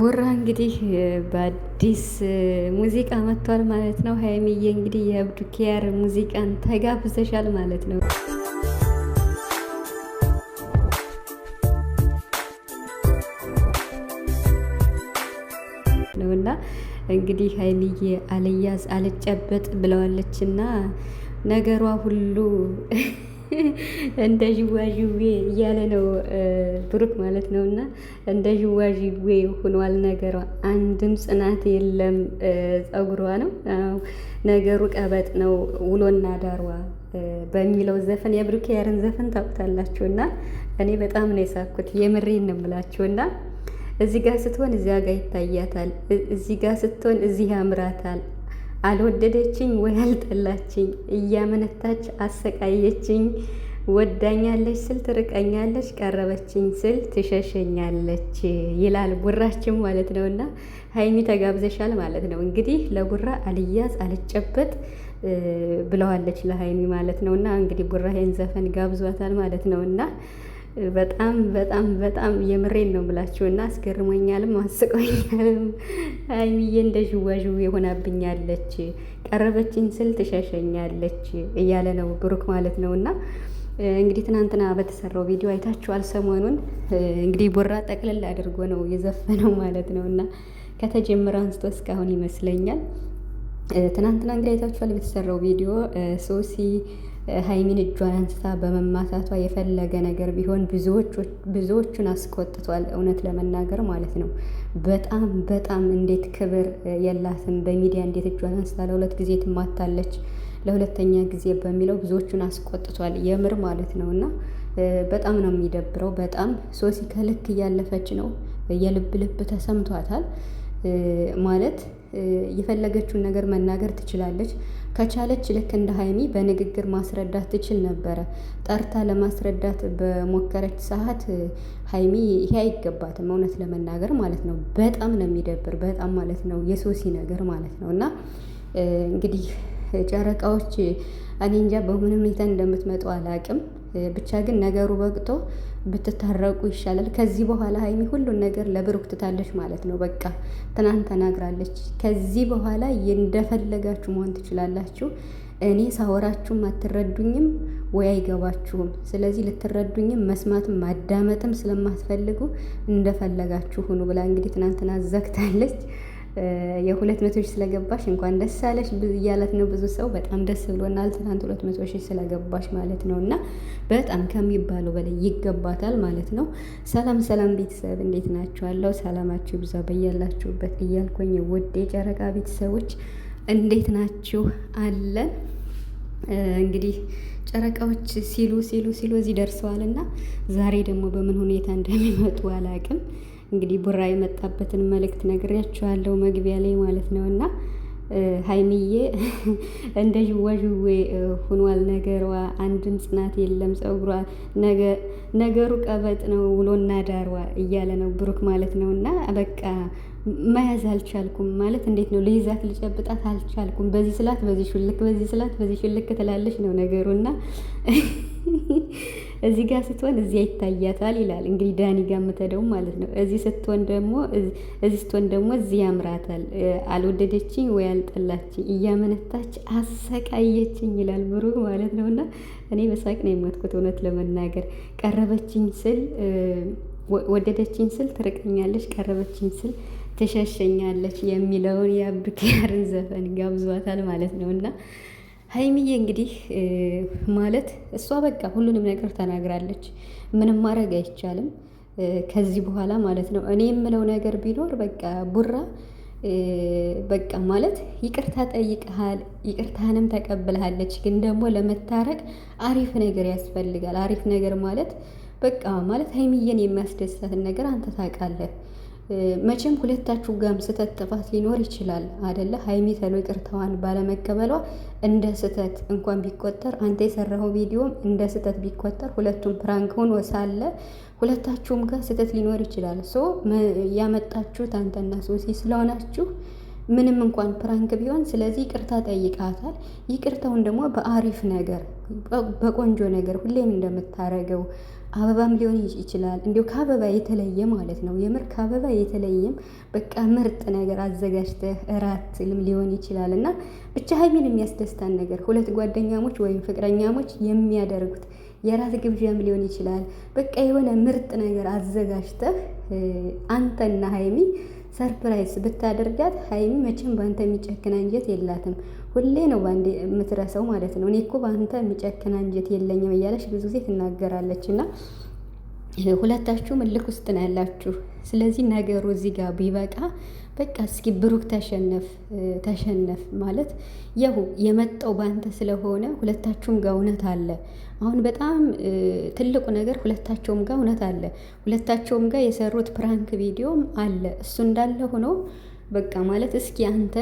ቡራ እንግዲህ በአዲስ ሙዚቃ መጥቷል ማለት ነው። ሀይሚዬ እንግዲህ የአብዱኪያር ሙዚቃን ተጋብዘሻል ማለት ነው። ነውና እንግዲህ ሀይሚዬ አልያዝ አልጨበጥ ብለዋለችና ነገሯ ሁሉ እንደ ዥዋዥዌ እያለ ነው ብሩክ ማለት ነው። እና እንደ ዥዋዥዌ ሆኗል ነገሯ። አንድም ጽናት የለም ጸጉሯ ነው ነገሩ። ቀበጥ ነው ውሎና ዳሯ በሚለው ዘፈን የብሩክ ያርን ዘፈን ታውቁታላችሁ። እና እኔ በጣም ነው የሳኩት የምሬ ነው የምላችሁ እና እዚህ ጋር ስትሆን እዚያ ጋር ይታያታል። እዚህ ጋር ስትሆን እዚህ ያምራታል። አልወደደችኝ ወይ አልጠላችኝ፣ እያመነታች አሰቃየችኝ። ወዳኛለች ስል ትርቀኛለች፣ ቀረበችኝ ስል ትሸሸኛለች ይላል ጉራችን ማለት ነው። እና ሀይሚ ተጋብዘሻል ማለት ነው እንግዲህ ለጉራ አልያዝ አልጨበጥ ብለዋለች ለሀይሚ ማለት ነው። እና እንግዲህ ጉራ ይሄን ዘፈን ጋብዟታል ማለት ነው እና በጣም በጣም በጣም የምሬን ነው ብላችሁ እና አስገርሞኛልም አስቆኛልም። ሀይሚዬ እንደ ዥዋዥዌ የሆናብኛለች ቀረበችኝ ስል ትሸሸኛለች እያለ ነው ብሩክ ማለት ነው እና እንግዲህ ትናንትና በተሰራው ቪዲዮ አይታችኋል። ሰሞኑን እንግዲህ ቦራ ጠቅልል አድርጎ ነው የዘፈነው ማለት ነው እና ከተጀመረ አንስቶ እስካሁን ይመስለኛል። ትናንትና እንግዲህ አይታችኋል በተሰራው ቪዲዮ ሶሲ ሀይሚን እጇን አንስታ በመማታቷ የፈለገ ነገር ቢሆን ብዙዎቹን አስቆጥቷል። እውነት ለመናገር ማለት ነው። በጣም በጣም እንዴት ክብር የላትም በሚዲያ እንዴት እጇን አንስታ ለሁለት ጊዜ ትማታለች ለሁለተኛ ጊዜ በሚለው ብዙዎቹን አስቆጥቷል። የምር ማለት ነው እና በጣም ነው የሚደብረው። በጣም ሶሲ ከልክ እያለፈች ነው። የልብ ልብ ተሰምቷታል ማለት የፈለገችውን ነገር መናገር ትችላለች። ከቻለች ልክ እንደ ሀይሚ በንግግር ማስረዳት ትችል ነበረ። ጠርታ ለማስረዳት በሞከረች ሰዓት ሀይሚ ይሄ አይገባትም፣ እውነት ለመናገር ማለት ነው። በጣም ነው የሚደብር፣ በጣም ማለት ነው የሶሲ ነገር ማለት ነው እና እንግዲህ ጨረቃዎች እኔ እንጃ በምን ሁኔታ እንደምትመጡ አላቅም። ብቻ ግን ነገሩ በቅቶ ብትታረቁ ይሻላል። ከዚህ በኋላ ሀይሚ ሁሉን ነገር ለብሩክ ትታለች ማለት ነው። በቃ ትናንት ተናግራለች። ከዚህ በኋላ እንደፈለጋችሁ መሆን ትችላላችሁ። እኔ ሳወራችሁም አትረዱኝም ወይ አይገባችሁም። ስለዚህ ልትረዱኝም መስማትም ማዳመጥም ስለማትፈልጉ እንደፈለጋችሁ ሁኑ ብላ እንግዲህ ትናንትና ዘግታለች። የሁለት መቶ ሺህ ስለገባሽ እንኳን ደስ አለሽ እያላት ነው ብዙ ሰው። በጣም ደስ ብሎናል ትናንት ሁለት መቶ ሺህ ስለገባሽ ማለት ነው። እና በጣም ከሚባለው በላይ ይገባታል ማለት ነው። ሰላም ሰላም ቤተሰብ እንዴት ናችኋለሁ? ሰላማችሁ ብዛ በያላችሁበት እያልኩኝ ውድ የጨረቃ ቤተሰቦች እንዴት ናችሁ? አለን እንግዲህ ጨረቃዎች ሲሉ ሲሉ ሲሉ እዚህ ደርሰዋል እና ዛሬ ደግሞ በምን ሁኔታ እንደሚመጡ አላውቅም። እንግዲህ ቡራ የመጣበትን መልእክት ነግሬያችኋለሁ መግቢያ ላይ ማለት ነው። እና ሀይሚዬ እንደ ዥዋዥዌ ሁኗል ነገሯ። አንድም ጽናት የለም ፀጉሯ። ነገሩ ቀበጥ ነው ውሎና ዳሯ እያለ ነው ብሩክ ማለት ነው። እና በቃ መያዝ አልቻልኩም ማለት እንዴት ነው ልይዛት ልጨብጣት አልቻልኩም። በዚህ ስላት በዚህ ሽልክ በዚህ ስላት በዚህ ሽልክ ትላለች ነው ነገሩና እዚህ ጋር ስትሆን እዚያ ይታያታል ይላል። እንግዲህ ዳኒ ጋር የምትሄደው ማለት ነው። እዚህ ስትሆን ደግሞ እዚህ ስትሆን ደግሞ እዚህ ያምራታል። አልወደደችኝ ወይ አልጠላችኝ፣ እያመነታች አሰቃየችኝ ይላል ብሩክ ማለት ነው። እና እኔ በሳቅ ነው የሞትኩት እውነት ለመናገር ቀረበችኝ ስል ወደደችኝ ስል ትርቀኛለች፣ ቀረበችኝ ስል ትሸሸኛለች የሚለውን የአብዱኪያርን ዘፈን ጋብዟታል ማለት ነው እና ሀይሚዬ እንግዲህ ማለት እሷ በቃ ሁሉንም ነገር ተናግራለች። ምንም ማድረግ አይቻልም ከዚህ በኋላ ማለት ነው። እኔ የምለው ነገር ቢኖር በቃ ቡራ በቃ ማለት ይቅርታ ጠይቀሃል፣ ይቅርታንም ተቀብልሃለች። ግን ደግሞ ለመታረቅ አሪፍ ነገር ያስፈልጋል። አሪፍ ነገር ማለት በቃ ማለት ሀይሚዬን የሚያስደስታትን ነገር አንተ ታውቃለህ። መቼም ሁለታችሁ ጋም ስህተት ጥፋት ሊኖር ይችላል አደለ? ሀይሚ ተሎ ይቅርታዋን ባለመቀበሏ እንደ ስህተት እንኳን ቢቆጠር አንተ የሰራኸው ቪዲዮም እንደ ስህተት ቢቆጠር ሁለቱም ፕራንክ ሆኖ ሳለ ሁለታችሁም ጋር ስህተት ሊኖር ይችላል። ሶ ያመጣችሁት አንተና ሶሲ ስለሆናችሁ ምንም እንኳን ፕራንክ ቢሆን ስለዚህ ይቅርታ ጠይቃታል። ይቅርታውን ደግሞ በአሪፍ ነገር በቆንጆ ነገር ሁሌም እንደምታረገው አበባም ሊሆን ይችላል እንዲሁ ከአበባ የተለየ ማለት ነው። የምር ከአበባ የተለየም በቃ ምርጥ ነገር አዘጋጅተህ እራት ሊሆን ይችላል እና ብቻ ሀይሚን የሚያስደስታን ነገር ሁለት ጓደኛሞች ወይም ፍቅረኛሞች የሚያደርጉት የራት ግብዣም ሊሆን ይችላል። በቃ የሆነ ምርጥ ነገር አዘጋጅተህ አንተና ሀይሚ ሰርፕራይዝ ብታደርጋት ሀይሚ መቼም በአንተ የሚጨክን አንጀት የላትም። ሁሌ ነው በአንድ የምትረሰው ማለት ነው። እኔ እኮ በአንተ የሚጨክን አንጀት የለኝም እያለች ብዙ ጊዜ ትናገራለች እና ሁለታችሁም እልክ ውስጥ ነው ያላችሁ። ስለዚህ ነገሩ እዚህ ጋር ቢበቃ በቃ እስኪ ብሩክ ተሸነፍ ተሸነፍ ማለት ያው የመጣው ባንተ ስለሆነ ሁለታችሁም ጋር እውነት አለ። አሁን በጣም ትልቁ ነገር ሁለታቸውም ጋር እውነት አለ። ሁለታቸውም ጋር የሰሩት ፕራንክ ቪዲዮም አለ። እሱ እንዳለ ሆኖ በቃ ማለት እስኪ አንተ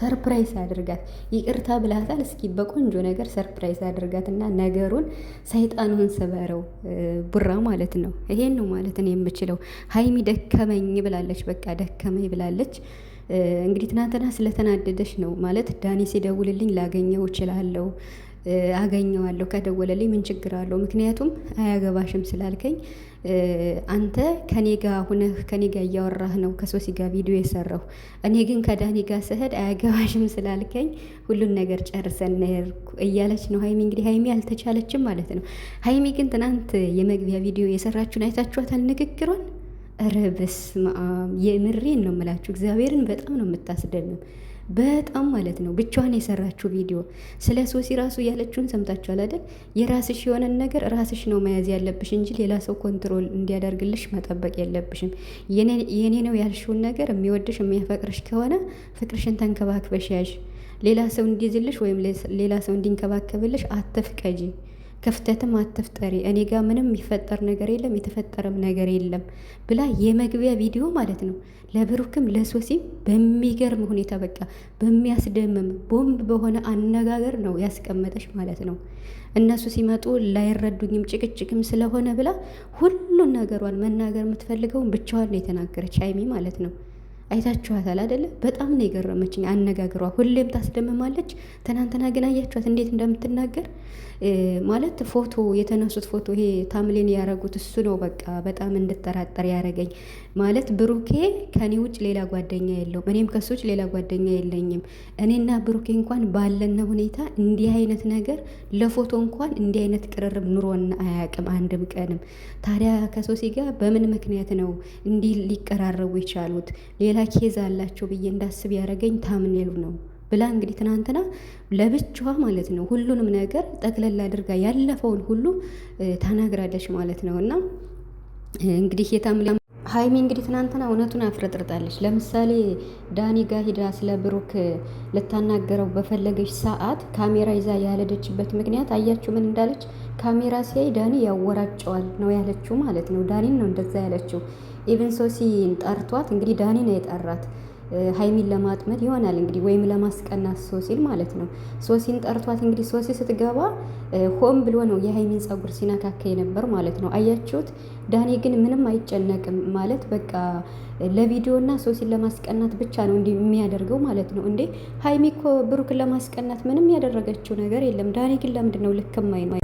ሰርፕራይዝ አድርጋት። ይቅርታ ብላታል። እስኪ በቆንጆ ነገር ሰርፕራይዝ አድርጋት እና ነገሩን ሰይጣኑን ስበረው ቡራ ማለት ነው። ይሄን ነው ማለት ነው የምችለው። ሀይሚ ደከመኝ ብላለች። በቃ ደከመኝ ብላለች። እንግዲህ ትናንትና ስለተናደደች ነው ማለት ዳኒ ሲደውልልኝ ላገኘው እችላለሁ አገኘዋለሁ ከደወለልኝ ምን ችግር አለው? ምክንያቱም አያገባሽም ስላልከኝ አንተ ከኔ ጋ ሁነህ ከኔ ጋ እያወራህ ነው ከሶሲ ጋ ቪዲዮ የሰራሁ እኔ ግን ከዳኒ ጋ ስሄድ አያገባሽም ስላልከኝ ሁሉን ነገር ጨርሰን ነርኩ እያለች ነው ሀይሚ። እንግዲህ ሀይሚ አልተቻለችም ማለት ነው። ሀይሚ ግን ትናንት የመግቢያ ቪዲዮ የሰራችሁን አይታችኋታል ንግግሯን ረብስ የምሬን ነው የምላችሁ፣ እግዚአብሔርን በጣም ነው የምታስደምም። በጣም ማለት ነው። ብቻዋን የሰራችው ቪዲዮ ስለ ሶሲ ራሱ ያለችውን ሰምታችኋል አይደል? የራስሽ የሆነን ነገር ራስሽ ነው መያዝ ያለብሽ እንጂ ሌላ ሰው ኮንትሮል እንዲያደርግልሽ መጠበቅ የለብሽም። የኔ ነው ያልሽውን ነገር የሚወድሽ የሚያፈቅርሽ ከሆነ ፍቅርሽን ተንከባክበሽ ያዥ። ሌላ ሰው እንዲይዝልሽ ወይም ሌላ ሰው እንዲንከባከብልሽ አትፍቀጂ። ክፍተትም አትፍጠሪ፣ እኔ ጋር ምንም የሚፈጠር ነገር የለም የተፈጠረም ነገር የለም ብላ የመግቢያ ቪዲዮ ማለት ነው ለብሩክም ለሶሲም በሚገርም ሁኔታ በቃ በሚያስደምም ቦምብ በሆነ አነጋገር ነው ያስቀመጠች ማለት ነው። እነሱ ሲመጡ ላይረዱኝም ጭቅጭቅም ስለሆነ ብላ ሁሉን ነገሯን መናገር የምትፈልገውን ብቻዋን ነው የተናገረች ሀይሚ ማለት ነው። አይታችኋታል አይደለ? በጣም ነው የገረመችኝ አነጋገሯ። ሁሌም ታስደምማለች። ትናንትና ግን አያችኋት እንዴት እንደምትናገር ማለት ፎቶ የተነሱት ፎቶ ይሄ ታምሌን ያረጉት እሱ ነው በቃ በጣም እንድጠራጠር ያረገኝ ማለት ብሩኬ ከኔ ውጭ ሌላ ጓደኛ የለውም፣ እኔም ከሱ ውጭ ሌላ ጓደኛ የለኝም። እኔና ብሩኬ እንኳን ባለነ ሁኔታ እንዲህ አይነት ነገር ለፎቶ እንኳን እንዲህ አይነት ቅርርብ ኑሮና አያውቅም አንድም ቀንም። ታዲያ ከሶሲ ጋር በምን ምክንያት ነው እንዲህ ሊቀራረቡ የቻሉት? ሌላ ኬዝ አላቸው ብዬ እንዳስብ ያደረገኝ ታምኔሉ ነው ብላ እንግዲህ ትናንትና ለብቻዋ ማለት ነው ሁሉንም ነገር ጠቅለል አድርጋ ያለፈውን ሁሉ ተናግራለች ማለት ነው እና እንግዲህ የታምላ ሀይሚ እንግዲህ ትናንትና እውነቱን አፍረጥርጣለች። ለምሳሌ ዳኒ ጋሂዳ ሂዳ ስለ ብሩክ ልታናገረው በፈለገች ሰዓት ካሜራ ይዛ ያለደችበት ምክንያት አያችሁ ምን እንዳለች? ካሜራ ሲያይ ዳኒ ያወራጨዋል ነው ያለችው ማለት ነው። ዳኒን ነው እንደዛ ያለችው። ኢቨን ሶሲን ጠርቷት እንግዲህ ዳኒ ነው የጠራት ሀይሚን ለማጥመድ ይሆናል እንግዲህ ወይም ለማስቀናት ሶሲን ማለት ነው። ሶሲን ጠርቷት እንግዲህ ሶሲ ስትገባ ሆም ብሎ ነው የሀይሚን ጸጉር ሲነካከ ነበር ማለት ነው። አያችሁት? ዳኔ ግን ምንም አይጨነቅም ማለት በቃ ለቪዲዮና ሶሲን ለማስቀናት ብቻ ነው እንዲህ የሚያደርገው ማለት ነው። እንዴ ሀይሚ እኮ ብሩክን ለማስቀናት ምንም ያደረገችው ነገር የለም። ዳኔ ግን ለምንድን ነው ነው